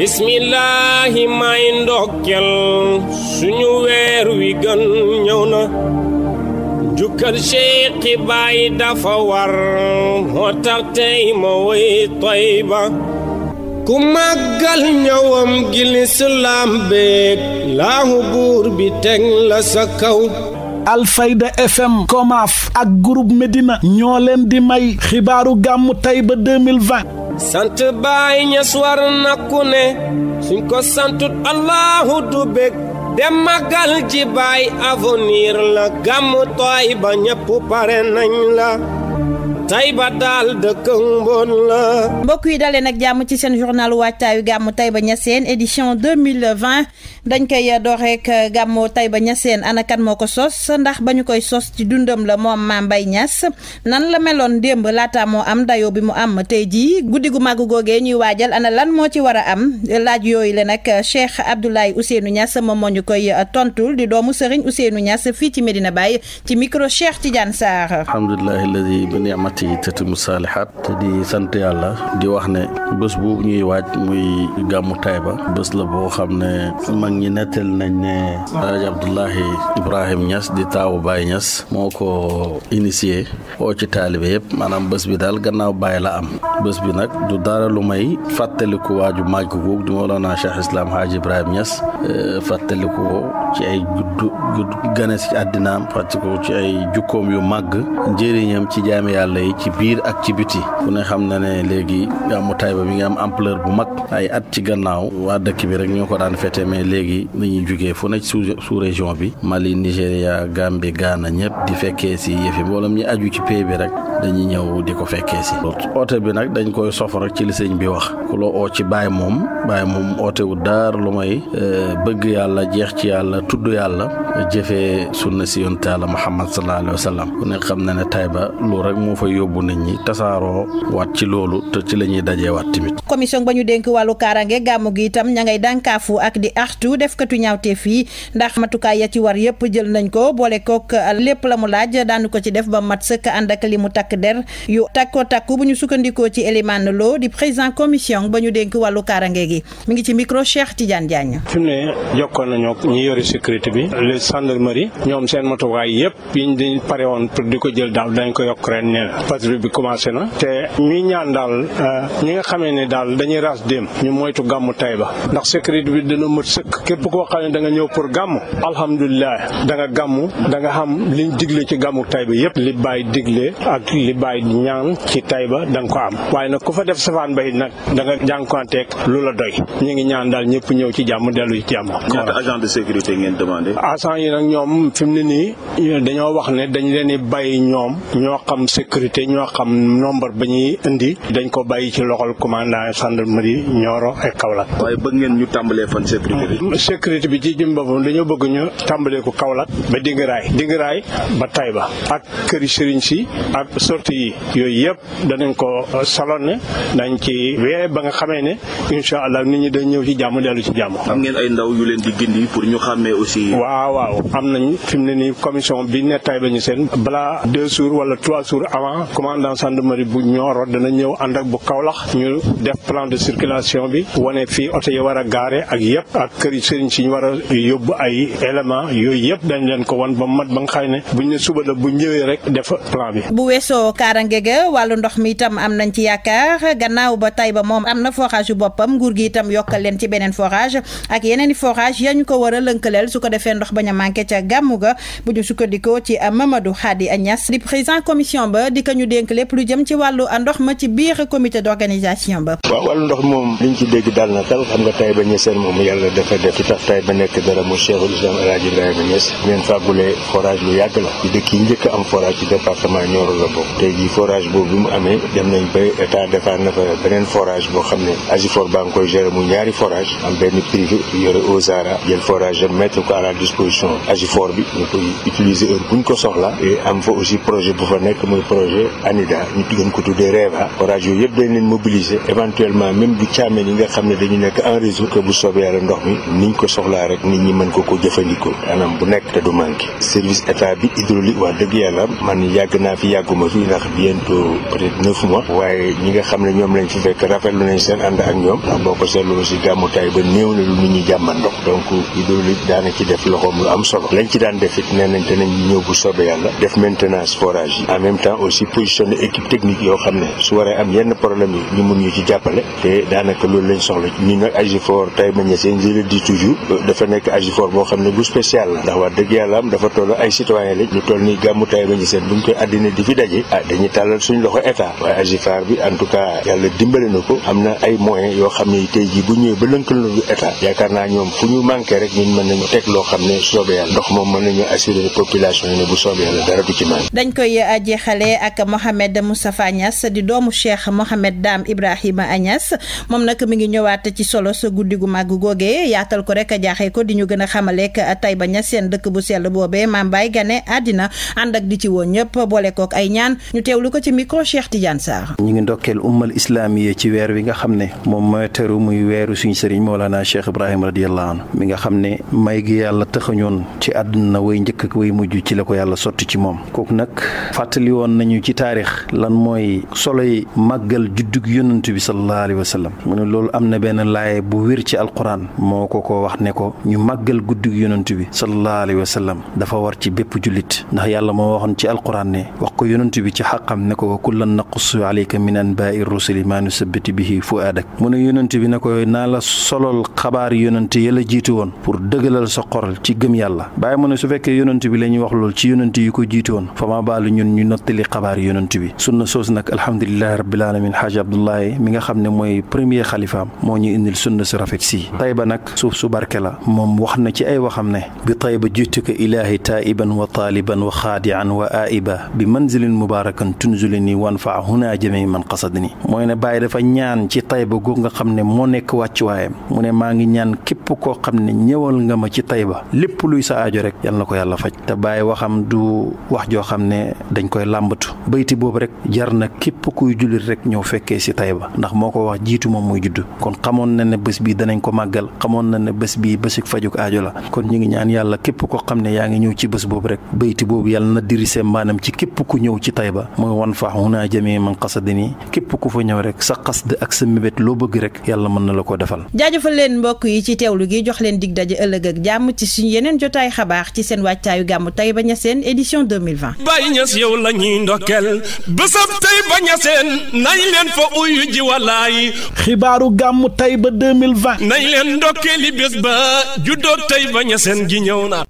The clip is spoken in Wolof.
bismillaahi may ndokkel suñu weer wi gën ñëw na jukkal Seexi Baay dafa war moo tax tey ma woy Tayba ku màggal ñëwam gi lislaam beeg laahu buur bi teg la sa kaw Alfayda FM Komaaf ak groupe Medina ñoo leen di may xibaaru gàmmu Tayba 2020 sant baay ñas war na ku ne suñ ko santut Allahu du bég dem magal ji baay avenir la gàmmu Tayba ñépp pare nañ la Taïba daal dëkk Mbon la. mbokk yi dalee nag jàmm ci seen journal waajtaayu gàmmu Taïba Niassène édition deux mille vingt dañ koy door rek gàmmu Taïba Niassène ana kan moo ko sos ndax ba ñu koy sos ci dundam la moom Mame Mbaye Niass nan la meloon démb laata moo am dayo bi mu am tey jii guddi gu màgg googee ñuy waajal ana lan moo ci war a am laaj yooyu la nag Cheikh Abdoulaye Ousseynou Niass moom moo ñu koy tontul di doomu Serigne Ousseynou Niass fii ci Medina Baye ci micro Cheikh Tidiane Sarr. ci Tatimou Salihat di sant yàlla di wax ne bés bu ñuy waaj muy gàmmu ba bés la boo xam ne mag ñi nettal nañ ne Alaaji Abdoulahi Ibrahim ñas di taawu Baye ñas moo ko initié oo ci taalibe yëpp maanaam bés bi daal gannaaw Baye la am bés bi nag du dara lu may fàttaliku waaju màgg googu di Mawlana Cheikh Islam Hadji Ibrahim Niass eh, fàttaliku ko ci ay àddinaam fàttaliku jukkoom yu màgg njëriñam ci jaami yàlla ci biir ak ci biti ku ne xam na ne léegi gàmmu Taïba bi ngi am ampleur bu mag ay at ci gannaaw waa dëkk bi rek ñoo ko daan fete mais léegi dañuy jugee fu ne sous région bi Mali Nigéria Gambie Ghana ñëpp di fekkee si yëfi mboolem ñi aju ci pays bi rek dañuy ñëw di ko fekkee si oote bi nag dañ koy sof rek ci li sëñ bi wax ku la oo ci baay moom baay moom oote wu daar lu may eh, bëgg yàlla jeex ci yàlla tudd yàlla jëfee sunna si yonte yàlla muhammad sallallahu alayhi wa sallam ku ne xam na ne Taïba lu rek moo fa yóbbu ñi tasaaroo waat ci loolu te ci la ñuy dajee waat tamit commission ba ñu dénk wàllu kaarange gàmmu gi itam ña ngay dànkaafu ak di axtu defkatu ñaawteef fii ndax matukaay ya ci war yëpp jël nañ ko boole kook lépp la mu laaj daanu ko ci def ba mat sëkk ànd takk der yu takko takku bu ñu sukkandikoo ci Elimane Lo di président commission ba ñu dénk wàllu kaarange gi mi ngi ci micro Cheikh Tidiane Diagne. fi mu ne jokkoon nañoo ñi yore sécurité bi les gendarmerie ñoom seen matuwaay yëpp yiñ di pare woon pour di ko jël daal dañ ko yokk ren ne patrouille bi commencé na te ñuy ñaan daal euh, ñi nga xamee ne daal dañuy ras dem ñu moytu gàmmu tay ba ndax sécurité bi dana mët sëkk képp koo xam ne da nga ñëw pour gàmmu alhamdulilah da nga gàmmu da xam liñ digle ci gàmmu tay ba yëpp li bàyyi digle li bàyyi ñaan ci Taïba da nga ko am waaye nag ku fa def safaan bay nag da nga lu la ñu ngi ñaan daal ñëpp ñëw ci jàmm dellu ci jàmm. ñaata agent de sécurité ngeen demandé. agent yi nag ñoom fi mu ne nii dañoo wax ne dañ leen di bàyyi ñoom ñoo xam sécurité ñoo xam nombre ba ñuy indi dañ ko bàyyi ci loxol commandant gendarmerie Nioro ak Kaolack. waaye bëgg ngeen ñu tàmbalee fan sécurité bi. Mm. sécurité bi ci jëm ñu tàmbalee ko Kaolack ba Dingaraay ba ak këri sëriñ si ak sortie yi yooyu yëpp danañ ko euh, ne nañ ci wee ba nga xamee ne incha allah nit ñi dañ ñëw ci jàmm dellu ci jàmm. am ngeen ay ndaw yu leen di gindi pour ñu xàmmee aussi. waaw waaw nañ fi mu ne nii commission bi ne tay ba seen balaa deux jours wala trois jours avant commandant gendarmerie bu Nioro dana ñëw ànd ak bu Kaolack ñu def plan de circulation bi wane fii oto yi war a gaare ak yëpp ak kër yi sëriñ si ñu war a yóbbu ay éléments yooyu yëpp dañ leen ko wan ba mat ba nga xam ne buñ ne suba la bu ñëwee rek def plan bi. weesoo kaarange ga wàllu ndox mi itam am nañ ci yaakaar gannaaw ba ba moom am na forage yu boppam nguur gi itam yokkal leen ci beneen forage ak yeneen i forage ya ñu ko war a lënkaleel su ko defee ndox bañ a manqué ca gàmmu ga bu ñu sukkandikoo ci Mamadou Khady Niass di président commission ba di ko ñu dénk lépp lu jëm ci wàllu ndox ma ci biir comité d'organisation ba. waaw wàllu ndox moom liñ ci dégg daal na tal xam nga Taïba Niassène moom yàlla dafa def ci tax Taïba nekk mu Cheikhul Islam El te jii forage boobu mu amee dem nañ ba état defar na fa beneen forage boo xam ne Asifor baa ngi koy gérer mu ñaari forage am benn privé yore Ozara jël forage mettre ko à la disposition Asifor bi ñu koy utiliser heure bu ñu ko soxla am fa aussi projet bu fa nekk muy projet ANIDA ñu gën ko tuddee REVA forage yooyu yëpp dañ leen mobiliser éventuellement même du càmmee yi nga xam ne dañu nekk en réseau que bu soobee yàlla ndox mi niñ ko soxlaa rek nit ñi mën ko ko jëfandikoo anam bu nekk te du service état bi hydraulique wax man yàgg fii ndax bientôt peut-être neuf mois waaye ñi nga xam ne ñoom lañ fi fekk rafetlu nañ seen ànd ak ñoom ndax boo ko seetlu aussi gàmmutaay ba néew na lu nit ñi jàmman ndox donc def loxoom lu am lañ ci daan def it nee nañ te nañ ñëw bu soobee yàlla def maintenance forage yi en même temps aussi positionné équipe technique yoo xam ne su waree am yenn problème yi ñu mun ñu ci jàppale te daanaka loolu lañ soxla ñu nag Agifort Taïba Niassène je le dis toujours dafa nekk Agifort boo xam ne bu spécial la ndax wax dëgg yàlla am dafa toll ay citoyen lañ lu toll ni gàmmu Taïba Niassène buñ koy àddina di fi daje yi ah dañuy tàllal suñu loxo état waaye agifar bi en tout cas yàlla dimbale na ko ay moyens yoo xam ne tey jii bu ñëwee ba lënkaloo état yaakaar naa ñoom fu ñu manqué rek ñun mën nañu teg loo xam ne soobee ndox moom mën nañu assurer population yi bu soobee yàlla dara du ci manqué dañ koy ah, jeexale ak Mohamed Moustapha Niass di doomu Cheikh Mohamed Dam Ibrahim Niass moom nag mi ngi ñëwaat ci solo sa guddi gu màgg googee yaatal ko rek jaaxee ko di ñu gën a xamaleek Taïba Niass seen dëkk bu sell boobee Mame Baye gane àddina ànd ak di ci woon ñëpp boole kook ay ñaan Tidiane ñu teewlu ko ci micro Cheikh Tidiane Sarr. ñu ngi ndokkeel ummal islamiye ci weer wi nga xam ne moom mooy teru muy weeru suñu sëriñ Mawlana Cheikh Ibrahim radiyallahu anhu mi nga xam ne may gi yàlla taxañoon ci àdduna way njëkk ak way mujj ci la ko yàlla sotti ci moom kooku nag fàttali woon nañu ci taarix lan mooy soloy màggal juddug yonent bi sallallahu alayhi wa sallam mu ne loolu am na benn laaye bu wér ci alquran moo ko ko wax ne ko ñu màggal guddug yonent bi sallallahu alayhi wa dafa war ci bépp jullit ndax yàlla moo yonent bi ci xaqam ne ko kullan naqussu alayka min anbaa'i rusuli maa nusabbiti bihi fu'aadak mu ne yonent bi ne ko naa la solol xabaar yonent ya la jiitu woon pour dëggalal sa xol ci gëm yàlla bàyyi mu ne su fekkee yonent bi la wax lool ci yonent yi ko jiitu woon fa maa ñun ñu nottali xabaar yonent bi sunna soos nag alhamdulilahi rabbil alamin xaaji abdoulaye mi nga xam ne premier khalifa moo ñu indil sunna si rafet si tayba nag suuf su barke la moom wax na ci ay waxam ne bi tayba jiituka ilaahi taiban wa taaliban wa xaadian wa aaiba bi manzilin mubarakan tunzulini wanfa huna jami man qasadni moy ne baye dafa ñaan ci tayba go nga xamne mo nek waccu waye mu ne ma ngi ñaan kep ko xamne ñewal nga ma ci tayba lepp luy sa aajo rek yalla nako yalla fajj te baye waxam du wax jo xamne dañ koy lambatu beyti bobu rek jarna kep kuy julit rek fekke ci tayba ndax moko wax jitu mom moy judd kon xamone na ne bes bi dañ ko magal xamone na ne bes bi besuk fajuk aajo la kon ñi ngi ñaan yalla kep ko xamne yaangi ñew ci bes bobu rek beyti bobu yalla na manam ci kep ku ñew ci tayba mooy wan faax hunaa jamii man qasadini képp ku fa ñëw rek sa qasd ak sa mébét loo bëgg rek yàlla mën na la ko defal jaajëfal leen mbokk yi ci teewlu gi jox leen dig daje ëllëg ak jàmm ci suñu yeneen jotaay xabaar ci seen wàccaayu gàmmu tayba ñaseen édition 2020 bàyyi ñas yow la ñuy ndokkel ñaseen nañ leen fa uyu ji walaay xibaaru gàmmu tayba 2020 nañ leen ndokkeli bés ba juddoog tayba ñaseen gi ñëw na